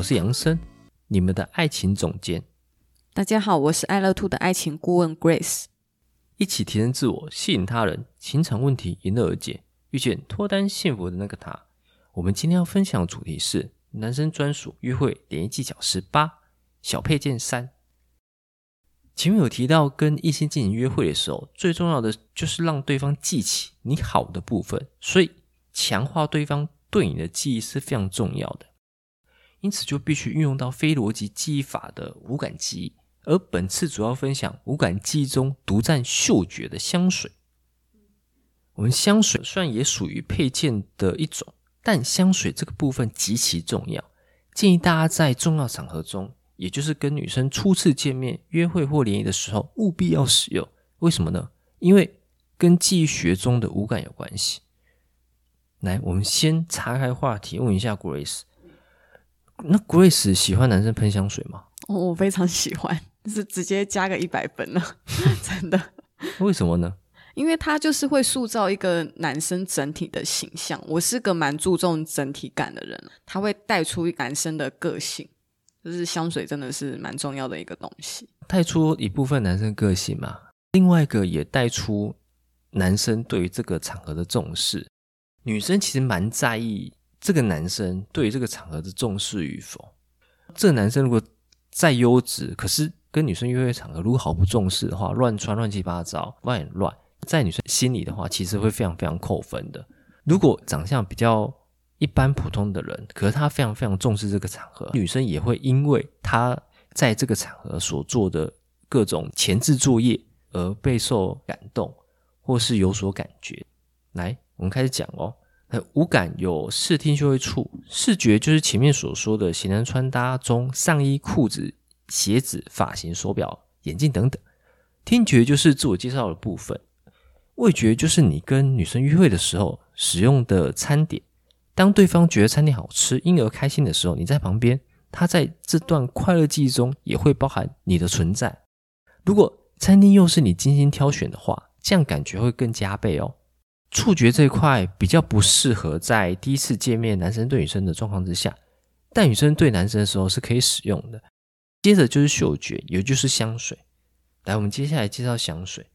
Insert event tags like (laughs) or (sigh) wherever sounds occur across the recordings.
我是楊生，你們的愛情總監。大家好，我是愛樂 Two 的愛情顧問 Grace。一起提升自我，吸引他人，情場問題迎刃而解，遇見脫單幸福的那個他。我們今天要分享的主題是男生專屬約會聯誼技巧十八，小配件三。前面有提到，跟異性進行約會的時候，最重要的就是讓對方記起你好的部分，所以強化對方對你的記憶是非常重要的。因此就必須運用到非邏輯記憶法的五感記憶，而本次主要分享五感記憶中獨佔嗅覺的香水。我們香水雖然也屬於配件的一種，但香水這個部分極其重要。建議大家在重要場合中，也就是跟女生初次見面、約會或聯誼的時候，務必要使用。為什麼呢？因為跟記憶學中的五感有關係。來，我們先岔開話題，問一下 Grace。那 Grace 喜歡男生噴香水嗎？哦，我非常喜歡，是直接加個一百分了， (laughs) 真的。 (laughs) 為什麼呢？因為他就是會塑造一個男生整體的形象。我是個蠻注重整體感的人，他會帶出男生的個性。就是香水真的是蠻重要的一個東西，帶出一部分男生個性嘛。另外一個也帶出男生對於這個場合的重視。女生其實蠻在意。這個男生對於這個場合的重視與否，這個男生如果再優質，可是跟女生約會場合如果毫不重視的話，亂穿亂七八糟，外很亂，在女生心裡的話，其實會非常非常扣分的。如果長相比較一般普通的人，可是他非常非常重視這個場合，女生也會因為他在這個場合所做的各種前置作業而備受感動，或是有所感覺。來，我們開始講哦。五感有視聽嗅味觸，視覺就是前面所說的型男穿搭中上衣、褲子、鞋子、髮型、手錶、眼鏡等等；聽覺就是自我介紹的部分；味覺就是你跟女生約會的時候使用的餐點。當對方覺得餐點好吃，因而開心的時候，你在旁邊，他在這段快樂記憶中也會包含你的存在。如果餐廳又是你精心挑選的話，這樣感覺會更加倍哦。觸覺這一塊比較不適合在第一次見面男生對女生的狀況之下，但女生對男生的時候是可以使用的。接着就是嗅覺，也就是香水。來，我們接下來介紹香水。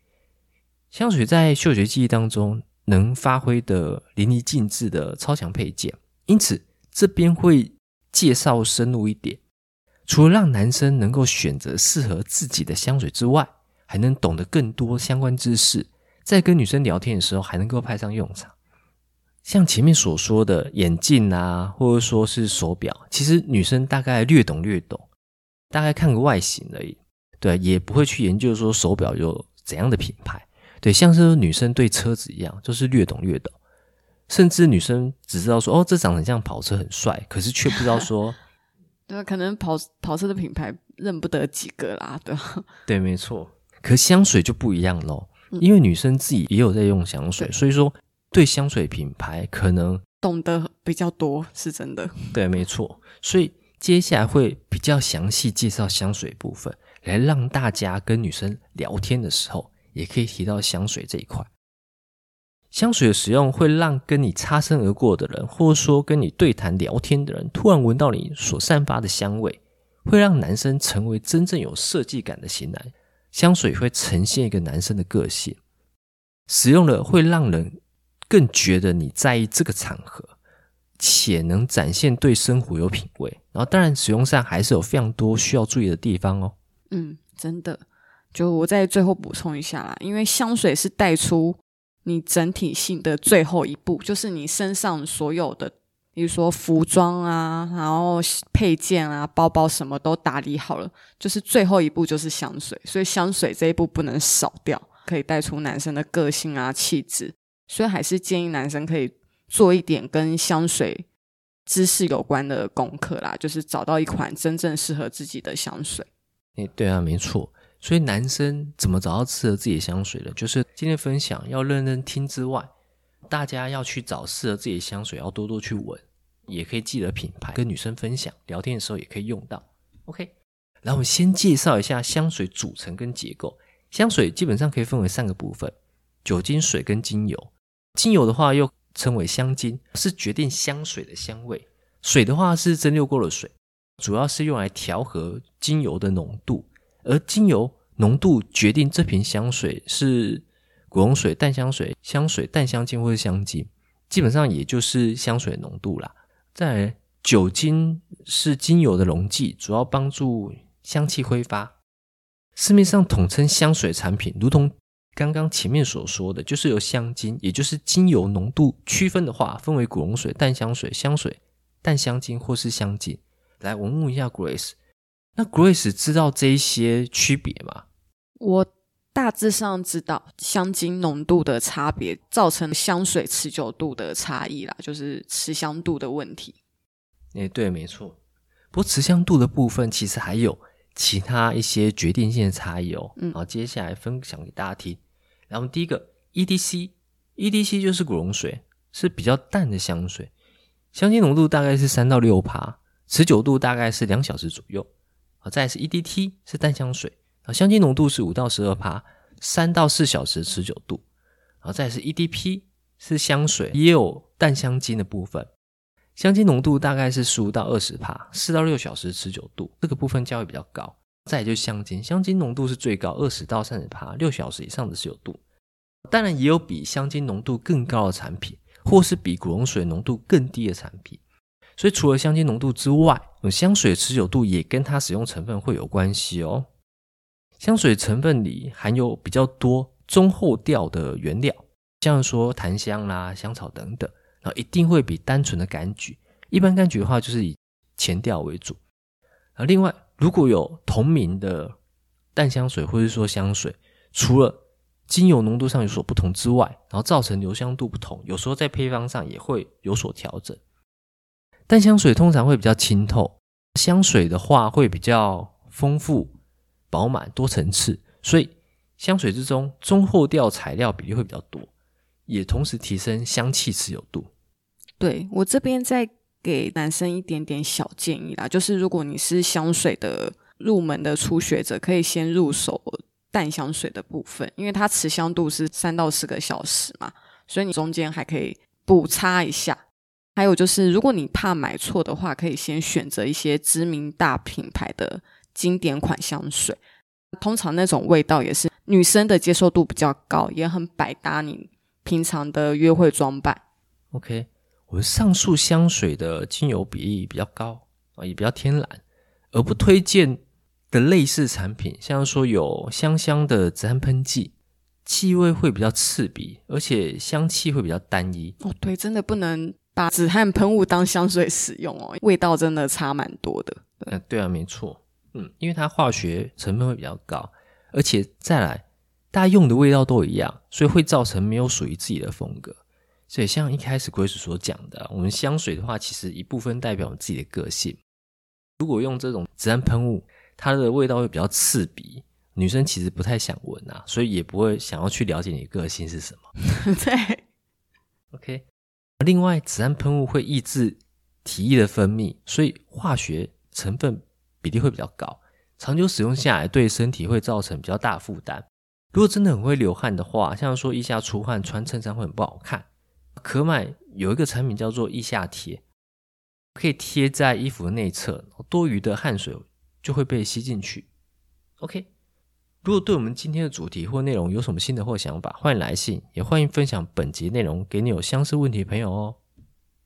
香水在嗅覺記憶當中能發揮得淋漓盡致的超強配件，因此這邊會介紹深入一點，除了讓男生能夠選擇適合自己的香水之外，還能懂得更多相關知識。在跟女生聊天的時候還能夠派上用場，像前面所說的眼鏡啊，或者說是手表，其實女生大概略懂略懂，大概看個外形而已，對，也不會去研究說手表有怎樣的品牌，對，像是說女生對車子一樣，就是略懂略懂，甚至女生只知道說哦，這長得像跑車很帥，可是卻不知道說， (laughs) 對，可能跑跑車的品牌認不得幾個啦，對，對，沒錯，可香水就不一樣嘍。因為女生自己也有在用香水，對所以說對香水品牌可能懂得比較多，是真的。對，沒錯。所以接下來會比較詳細介紹香水部分，來讓大家跟女生聊天的時候，也可以提到香水這一塊。香水的使用會讓跟你擦身而過的人，或者說跟你對談聊天的人，突然聞到你所散發的香味，會讓男生成為真正有設計感的型男。香水會呈現一個男生的個性，使用了會讓人更覺得你在意這個場合，且能展現對生活有品味。然後，當然使用上還是有非常多需要注意的地方哦。嗯，真的，就我再最後補充一下啦，因為香水是帶出你整體性的最後一步，就是你身上所有的。比如說服裝啊，然後配件啊，包包什麼都打理好了，就是最後一步就是香水，所以香水這一步不能少掉，可以帶出男生的個性啊、氣質。所以還是建議男生可以做一點跟香水知識有關的功課啦，就是找到一款真正適合自己的香水。誒、欸，對啊，沒錯。所以男生怎麼找到適合自己的香水呢？就是今天分享要認真聽之外。大家要去找適合自己的香水，要多多去聞，也可以記得品牌，跟女生分享聊天的時候也可以用到。OK，來，我們先介紹一下香水組成跟結構。香水基本上可以分為三個部分：酒精、水跟精油。精油的話又稱為香精，是決定香水的香味。水的話是蒸餾過的水，主要是用來調和精油的濃度，而精油濃度決定這瓶香水是。古龍水、淡香水、香水、淡香精或是香精，基本上也就是香水濃度啦。再來，酒精是精油的溶劑，主要幫助香氣揮發。市面上統稱香水產品，如同剛剛前面所說的，就是由香精，也就是精油濃度區分的話，分為古龍水、淡香水、香水、淡香精或是香精。來，我問一下 Grace。那 Grace 知道這一些區別嗎？我。大致上知道香精濃度的差別造成香水持久度的差異啦，就是持香度的問題。誒、欸，對，沒錯。不過持香度的部分其實還有其他一些決定性的差異哦。嗯，好，接下來分享給大家聽。然後第一個 EDC，EDC 就是古龍水，是比較淡的香水，香精濃度大概是三到六趴，持久度大概是兩小時左右。好，再來是 EDT，是淡香水。香精濃度是五到十二趴，三到四小時持久度。然後再來是 EDP，是香水，也有淡香精的部分。香精濃度大概是十五到二十趴，四到六小時持久度，這個部分價位比較高。再來就是香精，香精濃度是最高二十到三十趴，六小時以上的持久度。當然也有比香精濃度更高的產品，或是比古龍水濃度更低的產品。所以除了香精濃度之外，香水持久度也跟它使用成分會有關係哦。香水成分裡含有比較多中後調的原料，像說檀香啦、啊、香草等等，然後一定會比單純的柑橘，一般柑橘的話就是以前調為主。而另外，如果有同名的淡香水或者說香水，除了精油濃度上有所不同之外，然後造成留香度不同，有時候在配方上也會有所調整。淡香水通常會比較清透，香水的話會比較豐富。飽滿多層次，所以香水之中中後調材料比例會比較多，也同時提升香氣持久度。對，我這邊再給男生一點點小建議啦，就是如果你是香水的入門的初學者，可以先入手淡香水的部分，因為它持香度是三到四個小時嘛，所以你中間還可以補擦一下。還有就是，如果你怕買錯的話，可以先選擇一些知名大品牌的，經典款香水，通常，那種味道也是女生的接受度比較高，也很百搭，你平常的約會裝扮，OK？我們上述香水的精油比例比較高啊，也比較天然。而不推薦的類似產品，嗯、像是說有香香的止汗噴劑，氣味會比較刺鼻，而且香氣會比較單一。哦，對，真的不能把止汗噴霧當香水使用哦，味道真的差蠻多的。嗯、啊，對啊，沒錯。嗯，因為它化學成分會比較高，而且再來，大家用的味道都一樣，所以會造成沒有屬於自己的風格。所以像一開始鬼叔所講的，我們香水的話，其實一部分代表我們自己的個性。如果用這種止汗噴霧，它的味道會比較刺鼻，女生其實不太想聞啊，所以也不會想要去了解你的個性是什麼。 (laughs) 對，OK。另外，止汗噴霧會抑制體液的分泌，所以化學成分。比例會比較高，長久使用下來對身體會造成比較大負擔。如果真的很會流汗的話，像說腋下出汗，穿襯衫會很不好看。可買有一個產品叫做腋下貼，可以貼在衣服內側，多餘的汗水就會被吸進去。OK，如果對我們今天的主題或內容有什麼心得或想法，歡迎來信，也歡迎分享本集內容給你有相似問題的朋友哦。